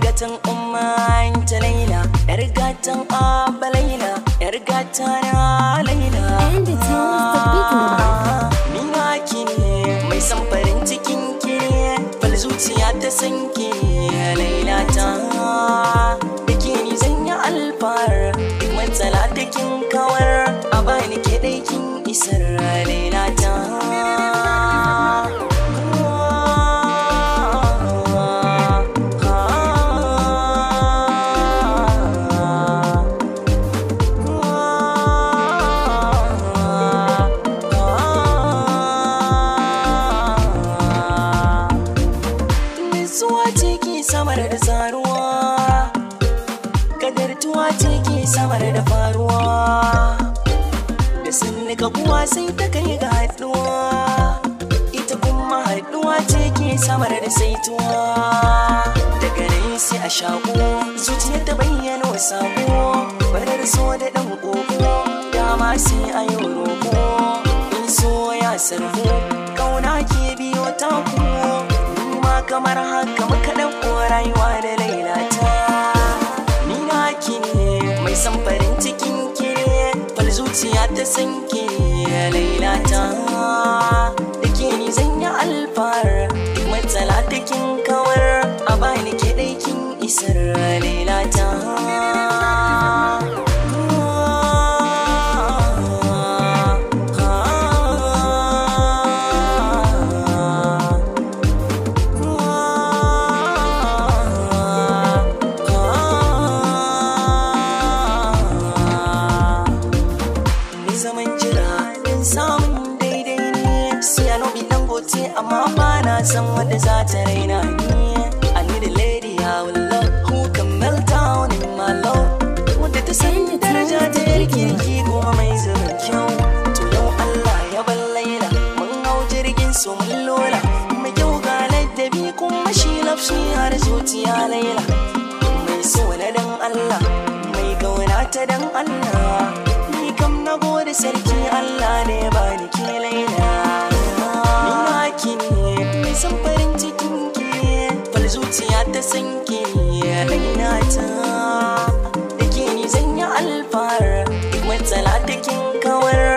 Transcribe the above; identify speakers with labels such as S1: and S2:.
S1: gatan umman ta laila ah, yar gatan abba laila yar gata na laila mina ki ne mai samfarin cikin ki ne zuciya ta san ki laila ta Kadartuwa ciki samar da tsaruwa Kadartuwa ciki samar da faruwa Da sanni kabuwa sai ta kai ga haɗuwa Ita kuma haɗuwa ciki samar da saituwa Daga nan a shago Zuciya ta bayyana wa sako Barar so da ɗan ƙoƙo dama sai a yi roƙo In so ya sarfo kauna ke biyo taku kuma kamar haka rayuwa da lailata ni na ki ne mai san farin cikin ki fal zuciya ta san ki lailata da ke ni zan yi alfar duk matsala ta kinka amma ba na san wanda za ta raina ni I need a lady I will love who can melt down in my love wadda ta san daraja ta yar kirki kuma mai zuba kyau to yau Allah ya bar laila mun hau jirgin su, mun lola mai kyau ga ladabi kuma shi lafshi har zuciya laila mai so na dan Allah mai gauna ta dan Allah ni kam na gode sarki Allah ne zuciya ta sanke raina ta da ke ni zan yi alfahar duk matsala ta kin kawar